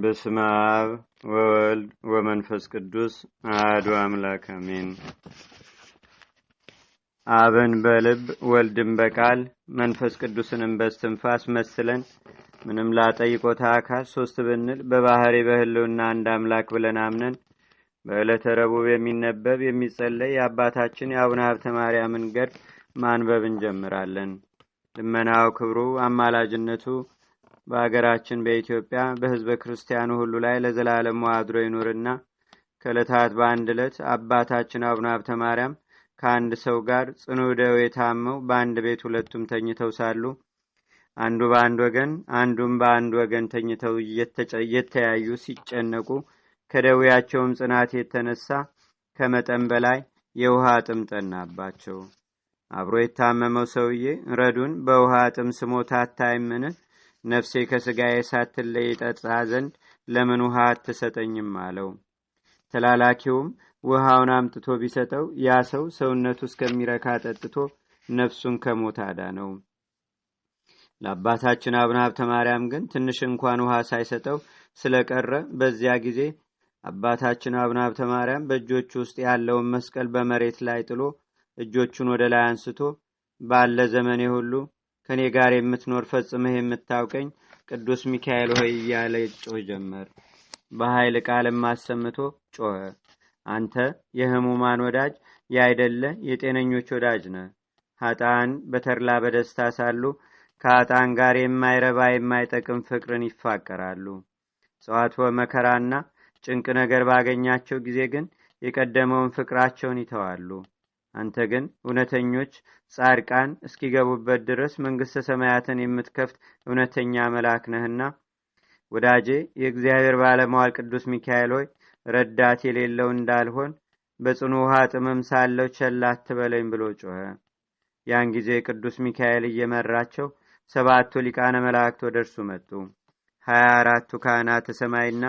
በስመ አብ ወወልድ ወመንፈስ ቅዱስ አህዱ አምላክ አሜን። አብን በልብ ወልድን በቃል መንፈስ ቅዱስንም በስትንፋስ መስለን ምንም ላጠይቆታ አካል ሶስት ብንል በባህሪ በህልውና አንድ አምላክ ብለን አምነን በዕለተ ረቡብ የሚነበብ የሚጸለይ የአባታችን የአቡነ ሀብተ ማርያምን ገድል ማንበብ እንጀምራለን። ልመናው ክብሩ አማላጅነቱ በአገራችን በኢትዮጵያ በህዝበ ክርስቲያኑ ሁሉ ላይ ለዘላለም አድሮ ይኑርና ከለታት በአንድ ዕለት አባታችን አቡነ ሀብተ ማርያም ከአንድ ሰው ጋር ጽኑ ደዌ ታመው በአንድ ቤት ሁለቱም ተኝተው ሳሉ አንዱ በአንድ ወገን አንዱም በአንድ ወገን ተኝተው እየተያዩ ሲጨነቁ ከደዌያቸውም ጽናት የተነሳ ከመጠን በላይ የውሃ ጥም ጠናባቸው። አብሮ የታመመው ሰውዬ ረዱን በውሃ ጥም ስሞ ታታይምን ነፍሴ ከሥጋዬ ሳትለይ ጠጣ ዘንድ ለምን ውሃ አትሰጠኝም አለው ተላላኪውም ውሃውን አምጥቶ ቢሰጠው ያ ሰው ሰውነቱ እስከሚረካ ጠጥቶ ነፍሱን ከሞት አዳነው ለአባታችን አቡነ ሀብተ ማርያም ግን ትንሽ እንኳን ውሃ ሳይሰጠው ስለቀረ በዚያ ጊዜ አባታችን አቡነ ሀብተ ማርያም በእጆቹ ውስጥ ያለውን መስቀል በመሬት ላይ ጥሎ እጆቹን ወደ ላይ አንስቶ ባለ ዘመኔ ሁሉ ከእኔ ጋር የምትኖር ፈጽመህ የምታውቀኝ ቅዱስ ሚካኤል ሆይ እያለ ጮህ ጀመር። በኃይል ቃልም አሰምቶ ጮኸ። አንተ የህሙማን ወዳጅ ያይደለ የጤነኞች ወዳጅ ነ። ሀጣን በተርላ በደስታ ሳሉ ከአጣን ጋር የማይረባ የማይጠቅም ፍቅርን ይፋቀራሉ። ጽዋት መከራና ጭንቅ ነገር ባገኛቸው ጊዜ ግን የቀደመውን ፍቅራቸውን ይተዋሉ። አንተ ግን እውነተኞች ጻድቃን እስኪገቡበት ድረስ መንግሥተ ሰማያትን የምትከፍት እውነተኛ መልአክ ነህና ወዳጄ የእግዚአብሔር ባለመዋል ቅዱስ ሚካኤል ሆይ ረዳት የሌለው እንዳልሆን በጽኑ ውሃ ጥምም ሳለው ቸላ አትበለኝ ብሎ ጮኸ ያን ጊዜ ቅዱስ ሚካኤል እየመራቸው ሰባቱ ሊቃነ መላእክት ወደ እርሱ መጡ ሀያ አራቱ ካህናተ ሰማይና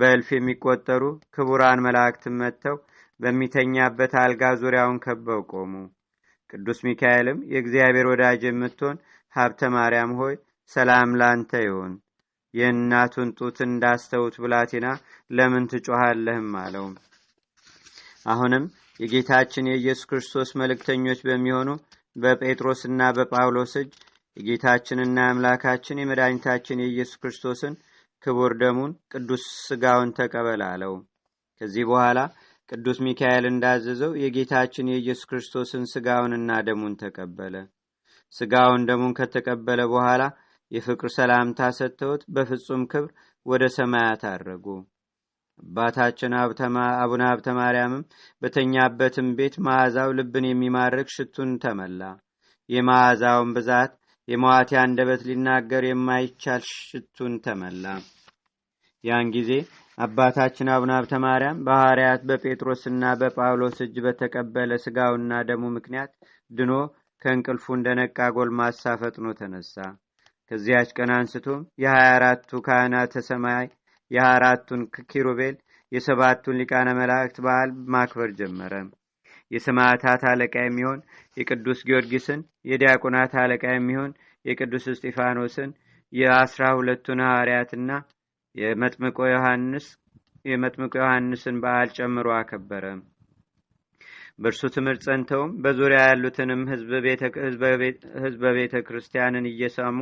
በእልፍ የሚቆጠሩ ክቡራን መላእክትም መጥተው በሚተኛበት አልጋ ዙሪያውን ከበው ቆሙ። ቅዱስ ሚካኤልም የእግዚአብሔር ወዳጅ የምትሆን ሀብተ ማርያም ሆይ ሰላም ላንተ ይሁን፣ የእናቱን ጡት እንዳስተውት ብላቴና ለምን ትጮሃለህም አለው። አሁንም የጌታችን የኢየሱስ ክርስቶስ መልእክተኞች በሚሆኑ በጴጥሮስና በጳውሎስ እጅ የጌታችንና አምላካችን የመድኃኒታችን የኢየሱስ ክርስቶስን ክቡር ደሙን ቅዱስ ስጋውን ተቀበል አለው። ከዚህ በኋላ ቅዱስ ሚካኤል እንዳዘዘው የጌታችን የኢየሱስ ክርስቶስን ስጋውንና ደሙን ተቀበለ። ስጋውን ደሙን ከተቀበለ በኋላ የፍቅር ሰላምታ ሰጥተውት በፍጹም ክብር ወደ ሰማያት አረጉ። አባታችን አቡነ ሀብተ ማርያምም በተኛበትም ቤት መዓዛው ልብን የሚማርክ ሽቱን ተመላ። የመዓዛውን ብዛት የመዋቴ አንደበት ሊናገር የማይቻል ሽቱን ተመላ። ያን ጊዜ አባታችን አቡነ ሀብተ ማርያም በሐዋርያት በጴጥሮስና በጳውሎስ እጅ በተቀበለ ስጋውና ደሙ ምክንያት ድኖ ከእንቅልፉ እንደነቃ ጎልማሳ ፈጥኖ ተነሳ። ከዚያች ቀን አንስቶም የሀያ አራቱ ካህናተ ሰማይ የሀያ አራቱን ኪሩቤል የሰባቱን ሊቃነ መላእክት በዓል ማክበር ጀመረ። የሰማዕታት አለቃ የሚሆን የቅዱስ ጊዮርጊስን፣ የዲያቆናት አለቃ የሚሆን የቅዱስ እስጢፋኖስን፣ የአስራ ሁለቱን ሐዋርያትና የመጥምቆ ዮሐንስን በዓል ጨምሮ አከበረ። በእርሱ ትምህርት ጸንተውም በዙሪያ ያሉትንም ህዝበ ቤተ ክርስቲያንን እየሳሙ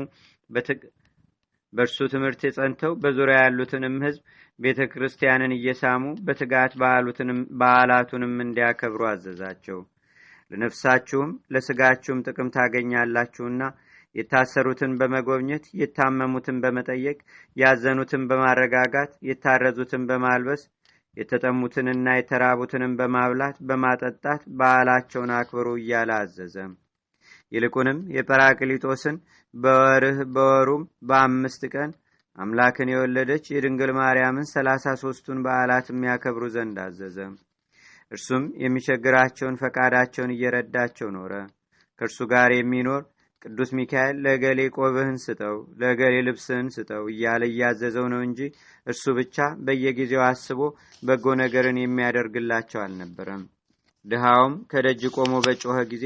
በእርሱ ትምህርት ጸንተው በዙሪያ ያሉትንም ህዝብ ቤተ ክርስቲያንን እየሳሙ በትጋት በዓላቱንም እንዲያከብሩ አዘዛቸው። ለነፍሳችሁም ለስጋችሁም ጥቅም ታገኛላችሁና የታሰሩትን በመጎብኘት የታመሙትን በመጠየቅ ያዘኑትን በማረጋጋት የታረዙትን በማልበስ የተጠሙትንና የተራቡትንም በማብላት በማጠጣት በዓላቸውን አክብሩ እያለ አዘዘ ይልቁንም የጰራቅሊጦስን በወርህ በወሩም በአምስት ቀን አምላክን የወለደች የድንግል ማርያምን ሰላሳ ሶስቱን በዓላት የሚያከብሩ ዘንድ አዘዘ እርሱም የሚቸግራቸውን ፈቃዳቸውን እየረዳቸው ኖረ ከእርሱ ጋር የሚኖር ቅዱስ ሚካኤል ለገሌ ቆብህን ስጠው፣ ለገሌ ልብስህን ስጠው እያለ እያዘዘው ነው እንጂ እርሱ ብቻ በየጊዜው አስቦ በጎ ነገርን የሚያደርግላቸው አልነበረም። ድሃውም ከደጅ ቆሞ በጮኸ ጊዜ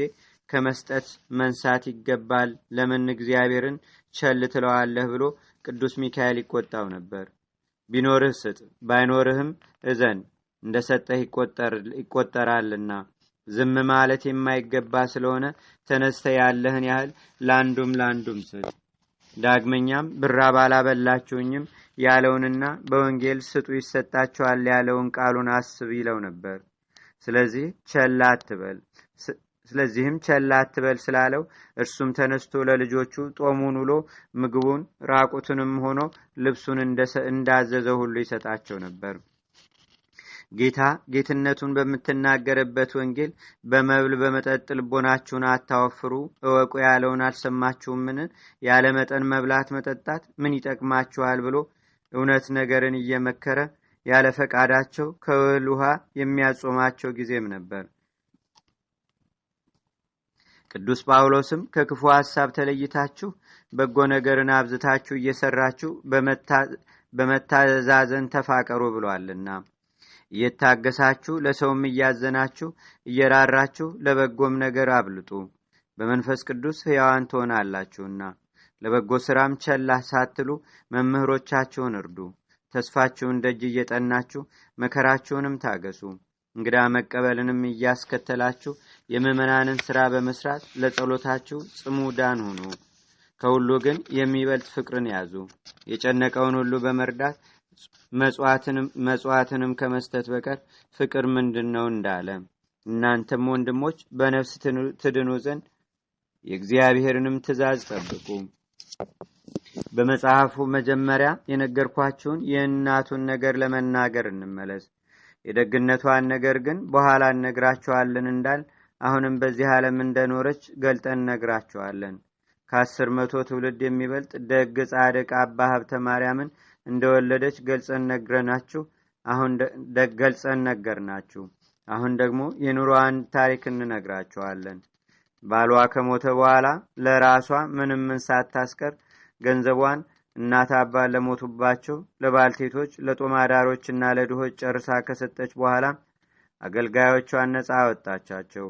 ከመስጠት መንሳት ይገባል፣ ለምን እግዚአብሔርን ቸል ትለዋለህ ብሎ ቅዱስ ሚካኤል ይቆጣው ነበር። ቢኖርህ ስጥ፣ ባይኖርህም እዘን፣ እንደ ሰጠህ ይቆጠራልና ዝም ማለት የማይገባ ስለሆነ ተነስተ ያለህን ያህል ለአንዱም ለአንዱም ስጥ። ዳግመኛም ብራ ባላበላችሁኝም ያለውንና በወንጌል ስጡ ይሰጣችኋል ያለውን ቃሉን አስብ ይለው ነበር። ስለዚህ ቸላ አትበል ስለዚህም ቸላ አትበል ስላለው እርሱም ተነስቶ ለልጆቹ ጦሙን ውሎ ምግቡን ራቁትንም ሆኖ ልብሱን እንዳዘዘ ሁሉ ይሰጣቸው ነበር። ጌታ ጌትነቱን በምትናገርበት ወንጌል በመብል በመጠጥ ልቦናችሁን አታወፍሩ እወቁ ያለውን አልሰማችሁምን ያለ መጠን መብላት መጠጣት ምን ይጠቅማችኋል ብሎ እውነት ነገርን እየመከረ ያለ ፈቃዳቸው ከእህል ውሃ የሚያጾማቸው ጊዜም ነበር ቅዱስ ጳውሎስም ከክፉ ሐሳብ ተለይታችሁ በጎ ነገርን አብዝታችሁ እየሰራችሁ በመታዛዘን ተፋቀሩ ብሏልና እየታገሳችሁ ለሰውም እያዘናችሁ እየራራችሁ ለበጎም ነገር አብልጡ በመንፈስ ቅዱስ ሕያዋን ትሆናላችሁና ለበጎ ሥራም ቸላ ሳትሉ መምህሮቻችሁን እርዱ ተስፋችሁን ደጅ እየጠናችሁ መከራችሁንም ታገሱ እንግዳ መቀበልንም እያስከተላችሁ የምእመናንን ሥራ በመስራት ለጸሎታችሁ ጽሙዳን ሁኑ ከሁሉ ግን የሚበልጥ ፍቅርን ያዙ የጨነቀውን ሁሉ በመርዳት መጽዋትንም ከመስጠት በቀር ፍቅር ምንድን ነው እንዳለ እናንተም ወንድሞች በነፍስ ትድኑ ዘንድ የእግዚአብሔርንም ትእዛዝ ጠብቁ በመጽሐፉ መጀመሪያ የነገርኳችሁን የእናቱን ነገር ለመናገር እንመለስ የደግነቷን ነገር ግን በኋላ እነግራችኋለን እንዳል አሁንም በዚህ ዓለም እንደኖረች ገልጠን እነግራችኋለን ከአስር መቶ ትውልድ የሚበልጥ ደግ ጻድቅ አባ ሀብተ ማርያምን እንደወለደች ገልጸን ነግረናችሁ አሁን ገልጸን ነገርናችሁ አሁን ደግሞ የኑሮዋን ታሪክ እንነግራችኋለን ባሏ ከሞተ በኋላ ለራሷ ምንም ምን ሳታስቀር ገንዘቧን እናት አባ ለሞቱባቸው ለባልቴቶች እና ለድሆች ጨርሳ ከሰጠች በኋላ አገልጋዮቿን ነፃ አወጣቻቸው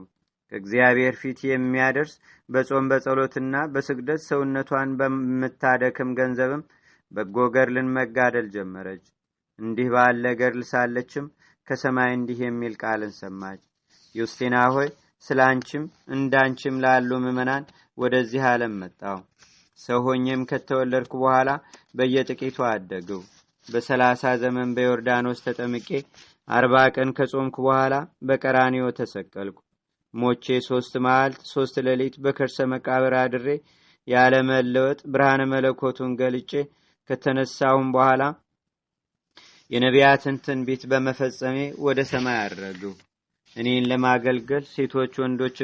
ከእግዚአብሔር ፊት የሚያደርስ በጾም በጸሎትና በስግደት ሰውነቷን በምታደክም ገንዘብም በጎ ገድልን መጋደል ጀመረች። እንዲህ ባለ ገድል ሳለችም ከሰማይ እንዲህ የሚል ቃልን ሰማች። ዩስቲና ሆይ ስለ አንቺም እንዳንቺም ላሉ ምዕመናን ወደዚህ ዓለም መጣው። ሰው ሆኜም ከተወለድኩ በኋላ በየጥቂቱ አደግው። በሰላሳ ዘመን በዮርዳኖስ ተጠምቄ አርባ ቀን ከጾምኩ በኋላ በቀራኒዮ ተሰቀልኩ። ሞቼ ሶስት መዓልት ሶስት ሌሊት በከርሰ መቃብር አድሬ ያለመለወጥ ብርሃነ መለኮቱን ገልጬ ከተነሳውም በኋላ የነቢያትን ትንቢት በመፈጸሜ ወደ ሰማይ አድረግሁ። እኔን ለማገልገል ሴቶች፣ ወንዶች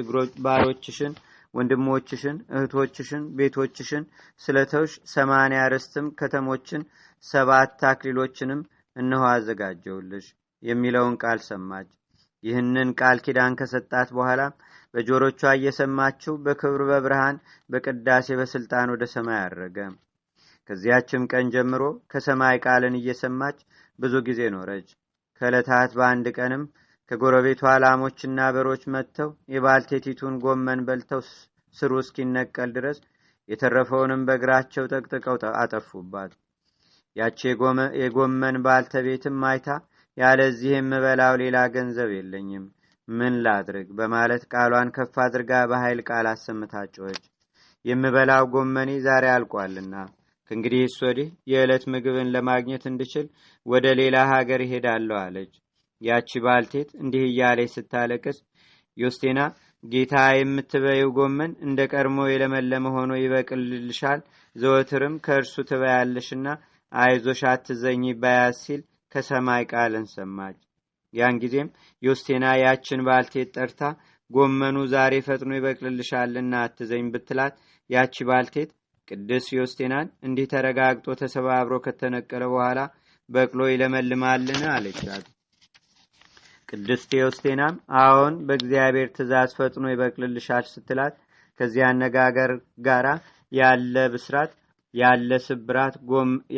ባሮችሽን፣ ወንድሞችሽን፣ እህቶችሽን፣ ቤቶችሽን ስለተውሽ ሰማንያ ርስትም ከተሞችን ሰባት አክሊሎችንም እነሆ አዘጋጀውልሽ የሚለውን ቃል ሰማች። ይህንን ቃል ኪዳን ከሰጣት በኋላ በጆሮቿ እየሰማችው በክብር በብርሃን በቅዳሴ በስልጣን ወደ ሰማይ አረገ። ከዚያችም ቀን ጀምሮ ከሰማይ ቃልን እየሰማች ብዙ ጊዜ ኖረች። ከዕለታት በአንድ ቀንም ከጎረቤቷ ላሞችና በሮች መጥተው የባልቴቲቱን ጎመን በልተው ስሩ እስኪነቀል ድረስ የተረፈውንም በእግራቸው ጠቅጥቀው አጠፉባት። ያቺ የጎመን ባልተቤትም ማይታ ያለዚህ የምበላው ሌላ ገንዘብ የለኝም፣ ምን ላድርግ በማለት ቃሏን ከፍ አድርጋ በኃይል ቃል አሰምታ የምበላው ጎመኔ ዛሬ አልቋልና ከእንግዲህስ ወዲህ የዕለት ምግብን ለማግኘት እንድችል ወደ ሌላ ሀገር ይሄዳለሁ አለች። ያቺ ባልቴት እንዲህ እያለች ስታለቅስ ዮስቴና ጌታ የምትበይው ጎመን እንደ ቀድሞ የለመለመ ሆኖ ይበቅልልሻል፣ ዘወትርም ከእርሱ ትበያለሽና አይዞሽ አትዘኝ ባያዝ ሲል ከሰማይ ቃልን ሰማች። ያን ጊዜም ዮስቴና ያችን ባልቴት ጠርታ ጎመኑ ዛሬ ፈጥኖ ይበቅልልሻልና አትዘኝ ብትላት ያቺ ባልቴት ቅዱስ ዮስቴናን እንዲህ ተረጋግጦ ተሰባብሮ ከተነቀለ በኋላ በቅሎ ይለመልማልን አለቻት ቅዱስ ቴዮስቴናም አዎን በእግዚአብሔር ትእዛዝ ፈጥኖ ይበቅልልሻል ስትላት ከዚህ አነጋገር ጋራ ያለ ብስራት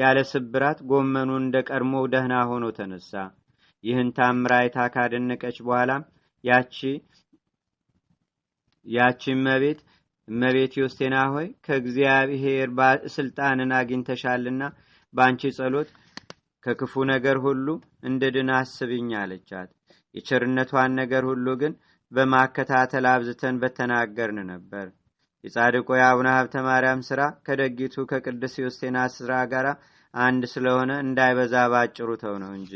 ያለ ስብራት ጎመኑ እንደ ቀድሞ ደህና ሆኖ ተነሳ ይህን ታምራ ካደነቀች በኋላ ያቺ ያቺ መቤት እመቤት ዮስቴና ሆይ ከእግዚአብሔር ስልጣንን አግኝተሻልና በአንቺ ጸሎት ከክፉ ነገር ሁሉ እንደ ድና አስብኝ አለቻት። የቸርነቷን ነገር ሁሉ ግን በማከታተል አብዝተን በተናገርን ነበር። የጻድቆ የአቡነ ሀብተ ማርያም ስራ ከደጊቱ ከቅዱስ ዮስቴና ስራ ጋር አንድ ስለሆነ እንዳይበዛ ባጭሩ ተው ነው እንጂ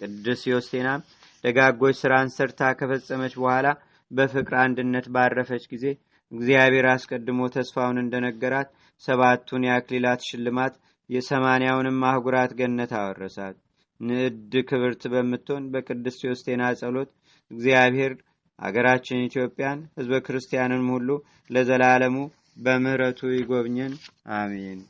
ቅዱስ ዮስቴናም ደጋጎች ስራን ሰርታ ከፈጸመች በኋላ በፍቅር አንድነት ባረፈች ጊዜ እግዚአብሔር አስቀድሞ ተስፋውን እንደነገራት ሰባቱን የአክሊላት ሽልማት የሰማንያውንም አህጉራት ገነት አወረሳት። ንዕድ ክብርት በምትሆን በቅድስት ዮስቴና ጸሎት እግዚአብሔር አገራችን ኢትዮጵያን፣ ህዝበ ክርስቲያንም ሁሉ ለዘላለሙ በምህረቱ ይጎብኘን፣ አሜን።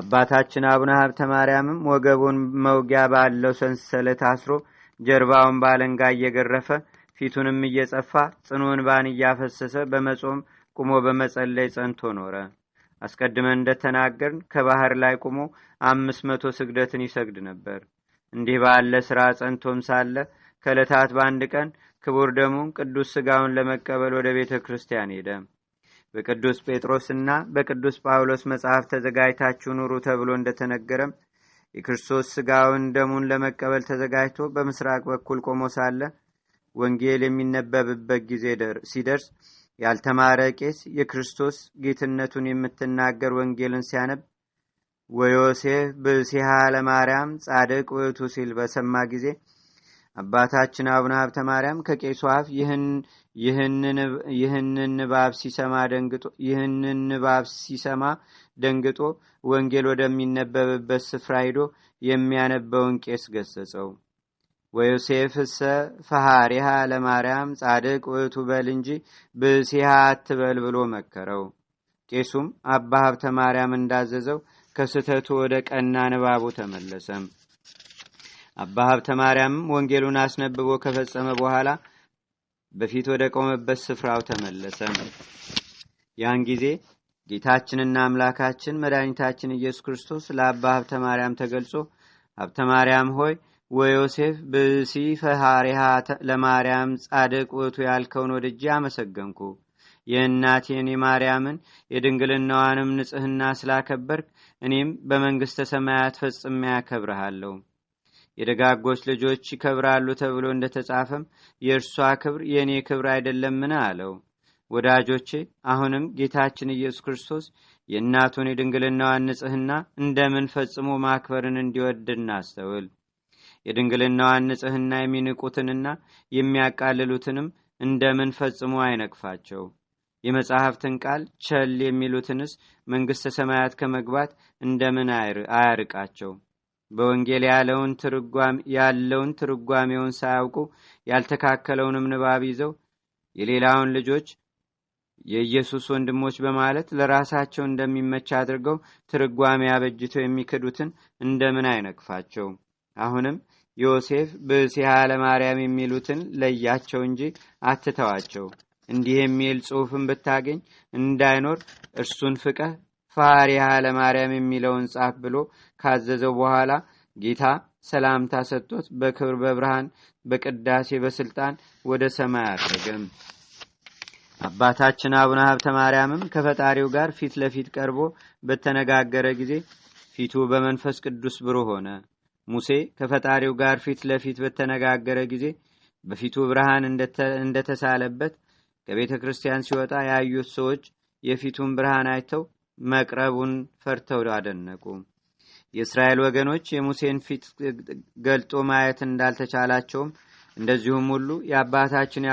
አባታችን አቡነ ሀብተ ማርያምም ወገቡን መውጊያ ባለው ሰንሰለት አስሮ ጀርባውን ባለንጋ እየገረፈ ፊቱንም እየጸፋ ጽኑ እንባን እያፈሰሰ በመጾም ቁሞ በመጸለይ ጸንቶ ኖረ። አስቀድመን እንደተናገርን ከባህር ላይ ቁሞ አምስት መቶ ስግደትን ይሰግድ ነበር። እንዲህ ባለ ሥራ ጸንቶም ሳለ ከዕለታት በአንድ ቀን ክቡር ደሙን ቅዱስ ሥጋውን ለመቀበል ወደ ቤተ ክርስቲያን ሄደ። በቅዱስ ጴጥሮስና በቅዱስ ጳውሎስ መጽሐፍ ተዘጋጅታችሁ ኑሩ ተብሎ እንደተነገረም የክርስቶስ ሥጋውን ደሙን ለመቀበል ተዘጋጅቶ በምስራቅ በኩል ቆሞ ሳለ ወንጌል የሚነበብበት ጊዜ ሲደርስ ያልተማረ ቄስ የክርስቶስ ጌትነቱን የምትናገር ወንጌልን ሲያነብ ወዮሴፍ ብሲሃ ለማርያም ጻድቅ ውእቱ ሲል በሰማ ጊዜ አባታችን አቡነ ሀብተ ማርያም ከቄሱ አፍ ይህንን ንባብ ሲሰማ ደንግጦ ወንጌል ወደሚነበብበት ስፍራ ሂዶ የሚያነበውን ቄስ ገሰጸው ወዮሴፍሰ ፈሃሪሃ ለማርያም ጻድቅ ውእቱ በል እንጂ ብእሲሃ አትበል ብሎ መከረው። ቄሱም አባ ሀብተ ማርያም እንዳዘዘው ከስህተቱ ወደ ቀና ንባቡ ተመለሰም። አባ ሀብተ ማርያምም ወንጌሉን አስነብቦ ከፈጸመ በኋላ በፊት ወደ ቆመበት ስፍራው ተመለሰም። ያን ጊዜ ጌታችንና አምላካችን መድኃኒታችን ኢየሱስ ክርስቶስ ለአባ ሀብተ ማርያም ተገልጾ ሀብተ ማርያም ሆይ ወዮሴፍ ብሲ ፈሃሪሃ ለማርያም ጻድቅ ውቱ ያልከውን ወድጄ አመሰገንኩ የእናቴን የማርያምን የድንግልናዋንም ንጽህና ስላከበርክ እኔም በመንግሥተ ሰማያት ፈጽሜ ያከብረሃለሁ የደጋጎች ልጆች ይከብራሉ ተብሎ እንደተጻፈም የእርሷ ክብር የእኔ ክብር አይደለምን አለው ወዳጆቼ አሁንም ጌታችን ኢየሱስ ክርስቶስ የእናቱን የድንግልናዋን ንጽህና እንደምን ፈጽሞ ማክበርን እንዲወድ እናስተውል የድንግልናዋን ንጽህና የሚንቁትንና የሚያቃልሉትንም እንደምን ፈጽሞ አይነቅፋቸው። የመጽሐፍትን ቃል ቸል የሚሉትንስ መንግሥተ ሰማያት ከመግባት እንደምን አያርቃቸው። በወንጌል ያለውን ትርጓሜውን ሳያውቁ ያልተካከለውንም ንባብ ይዘው የሌላውን ልጆች የኢየሱስ ወንድሞች በማለት ለራሳቸው እንደሚመች አድርገው ትርጓሜ አበጅተው የሚክዱትን እንደምን አይነቅፋቸው። አሁንም ዮሴፍ ብእሲሃ ለማርያም የሚሉትን ለያቸው እንጂ አትተዋቸው። እንዲህ የሚል ጽሑፍን ብታገኝ እንዳይኖር እርሱን ፍቀህ ፈሪሃ ለማርያም የሚለውን ጻፍ ብሎ ካዘዘው በኋላ ጌታ ሰላምታ ሰጥቶት በክብር በብርሃን በቅዳሴ በስልጣን ወደ ሰማይ አደገም አባታችን አቡነ ሀብተ ማርያምም ከፈጣሪው ጋር ፊት ለፊት ቀርቦ በተነጋገረ ጊዜ ፊቱ በመንፈስ ቅዱስ ብሩ ሆነ። ሙሴ ከፈጣሪው ጋር ፊት ለፊት በተነጋገረ ጊዜ በፊቱ ብርሃን እንደተሳለበት ከቤተ ክርስቲያን ሲወጣ ያዩት ሰዎች የፊቱን ብርሃን አይተው መቅረቡን ፈርተው አደነቁ። የእስራኤል ወገኖች የሙሴን ፊት ገልጦ ማየት እንዳልተቻላቸውም እንደዚሁም ሁሉ የአባታችን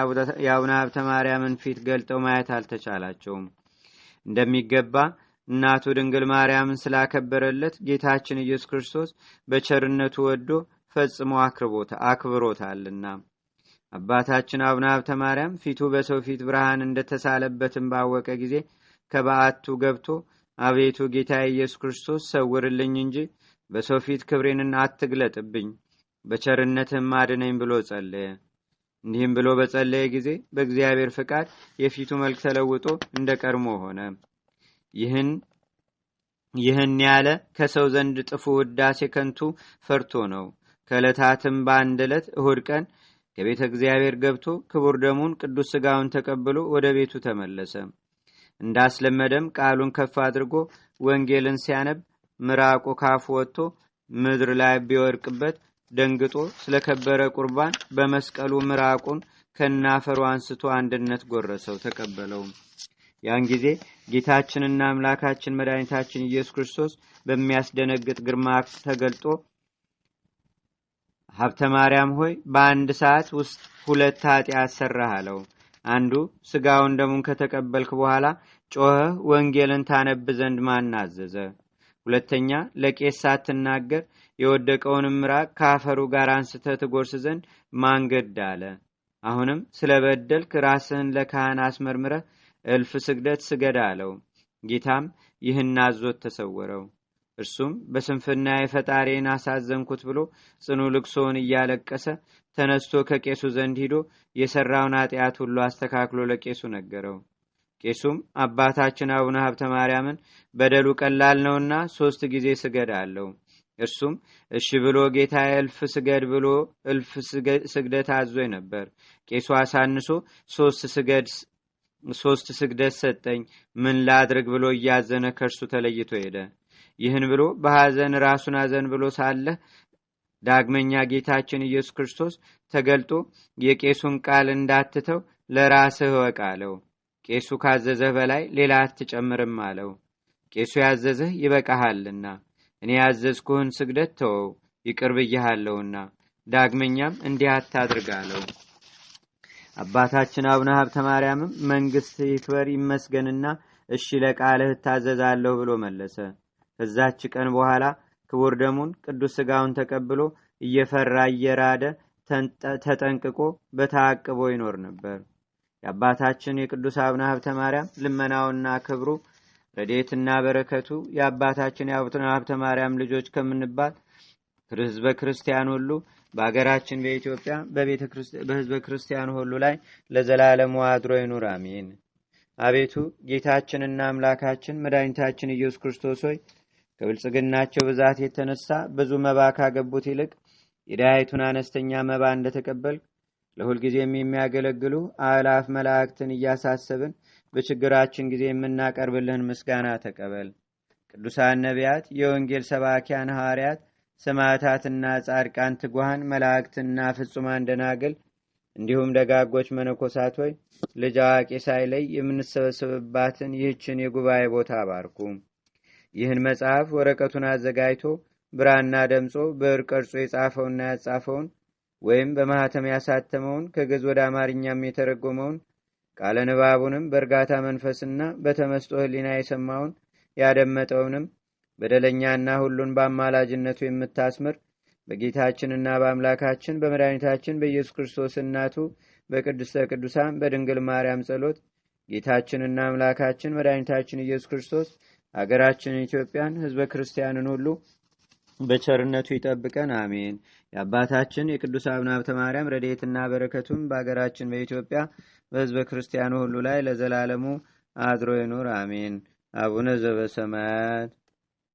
የአቡነ ሀብተ ማርያምን ፊት ገልጠው ማየት አልተቻላቸውም እንደሚገባ እናቱ ድንግል ማርያምን ስላከበረለት ጌታችን ኢየሱስ ክርስቶስ በቸርነቱ ወዶ ፈጽሞ አክብሮታልና አባታችን አቡነ ሀብተ ማርያም ፊቱ በሰው ፊት ብርሃን እንደተሳለበትም ባወቀ ጊዜ ከበዓቱ ገብቶ አቤቱ ጌታ ኢየሱስ ክርስቶስ ሰውርልኝ እንጂ በሰው ፊት ክብሬንን አትግለጥብኝ በቸርነትህም አድነኝ ብሎ ጸለየ እንዲህም ብሎ በጸለየ ጊዜ በእግዚአብሔር ፍቃድ የፊቱ መልክ ተለውጦ እንደ ቀድሞ ሆነ ይህን ይህን ያለ ከሰው ዘንድ ጥፉ ውዳሴ ከንቱ ፈርቶ ነው። ከዕለታትም በአንድ ዕለት እሁድ ቀን ከቤተ እግዚአብሔር ገብቶ ክቡር ደሙን ቅዱስ ሥጋውን ተቀብሎ ወደ ቤቱ ተመለሰ። እንዳስለመደም ቃሉን ከፍ አድርጎ ወንጌልን ሲያነብ ምራቁ ካፉ ወጥቶ ምድር ላይ ቢወድቅበት ደንግጦ ስለከበረ ቁርባን በመስቀሉ ምራቁን ከናፈሩ አንስቶ አንድነት ጎረሰው ተቀበለው። ያን ጊዜ ጌታችንና አምላካችን መድኃኒታችን ኢየሱስ ክርስቶስ በሚያስደነግጥ ግርማ ተገልጦ ሀብተ ማርያም ሆይ በአንድ ሰዓት ውስጥ ሁለት ኃጢአት ሰራህ አለው። አንዱ ስጋውን ደሙን ከተቀበልክ በኋላ ጮኸህ ወንጌልን ታነብ ዘንድ ማን አዘዘ? ሁለተኛ ለቄስ ሳትናገር የወደቀውን ምራቅ ከአፈሩ ጋር አንስተ ትጎርስ ዘንድ ማንገድ አለ። አሁንም ስለ በደልክ ራስህን ለካህን አስመርምረህ እልፍ ስግደት ስገድ አለው። ጌታም ይህን አዞት ተሰወረው። እርሱም በስንፍና የፈጣሪን አሳዘንኩት ብሎ ጽኑ ልቅሶውን እያለቀሰ ተነስቶ ከቄሱ ዘንድ ሂዶ የሰራውን አጢአት ሁሉ አስተካክሎ ለቄሱ ነገረው። ቄሱም አባታችን አቡነ ሀብተ ማርያምን በደሉ ቀላል ነውና ሶስት ጊዜ ስገድ አለው። እርሱም እሺ ብሎ ጌታ እልፍ ስገድ ብሎ እልፍ ስግደት አዞኝ ነበር። ቄሱ አሳንሶ ሶስት ስገድ ሶስት ስግደት ሰጠኝ፣ ምን ላድርግ ብሎ እያዘነ ከእርሱ ተለይቶ ሄደ። ይህን ብሎ በሐዘን ራሱን አዘን ብሎ ሳለ ዳግመኛ ጌታችን ኢየሱስ ክርስቶስ ተገልጦ የቄሱን ቃል እንዳትተው ለራስህ እወቅ አለው። ቄሱ ካዘዘህ በላይ ሌላ አትጨምርም አለው። ቄሱ ያዘዘህ ይበቃሃልና እኔ ያዘዝኩህን ስግደት ተወው፣ ይቅርብ እያሃለውና ዳግመኛም እንዲህ አታድርግ አለው። አባታችን አቡነ ሀብተ ማርያምም መንግስት ይክበር ይመስገንና እሺ ለቃልህ እታዘዛለሁ ብሎ መለሰ ከዛች ቀን በኋላ ክቡር ደሙን ቅዱስ ስጋውን ተቀብሎ እየፈራ እየራደ ተጠንቅቆ በታቅቦ ይኖር ነበር የአባታችን የቅዱስ አቡነ ሀብተ ማርያም ልመናውና ክብሩ ረዴትና በረከቱ የአባታችን የአቡነ ሀብተ ማርያም ልጆች ከምንባል ህዝበ ክርስቲያን ሁሉ በአገራችን በኢትዮጵያ በህዝበ ክርስቲያን ሁሉ ላይ ለዘላለሙ አድሮ ይኑር አሜን አቤቱ ጌታችንና አምላካችን መድኃኒታችን ኢየሱስ ክርስቶስ ሆይ ከብልጽግናቸው ብዛት የተነሳ ብዙ መባ ካገቡት ይልቅ የዳይቱን አነስተኛ መባ እንደተቀበል ለሁልጊዜም የሚያገለግሉ አላፍ መላእክትን እያሳሰብን በችግራችን ጊዜ የምናቀርብልህን ምስጋና ተቀበል ቅዱሳን ነቢያት የወንጌል ሰባኪያን ሐዋርያት ሰማዕታትና ጻድቃን፣ ትጉሃን መላእክትና ፍጹማን ደናግል እንዲሁም ደጋጎች መነኮሳት ሆይ ልጅ አዋቂ ሳይለይ የምንሰበሰብባትን ይህችን የጉባኤ ቦታ አባርኩ ይህን መጽሐፍ ወረቀቱን አዘጋጅቶ ብራና ደምጾ ብዕር ቀርጾ የጻፈውና ያጻፈውን ወይም በማኅተም ያሳተመውን ከግዕዝ ወደ አማርኛም የተረጎመውን ቃለ ንባቡንም በእርጋታ መንፈስና በተመስጦ ህሊና የሰማውን ያደመጠውንም በደለኛና ሁሉን በአማላጅነቱ የምታስምር በጌታችንና በአምላካችን በመድኃኒታችን በኢየሱስ ክርስቶስ እናቱ በቅድስተ ቅዱሳን በድንግል ማርያም ጸሎት ጌታችንና አምላካችን መድኃኒታችን ኢየሱስ ክርስቶስ አገራችን ኢትዮጵያን ህዝበ ክርስቲያንን ሁሉ በቸርነቱ ይጠብቀን አሜን የአባታችን የቅዱስ አቡነ ሀብተ ማርያም ረድኤትና በረከቱም በአገራችን በኢትዮጵያ በህዝበ ክርስቲያኑ ሁሉ ላይ ለዘላለሙ አድሮ ይኑር አሜን አቡነ ዘበሰማያት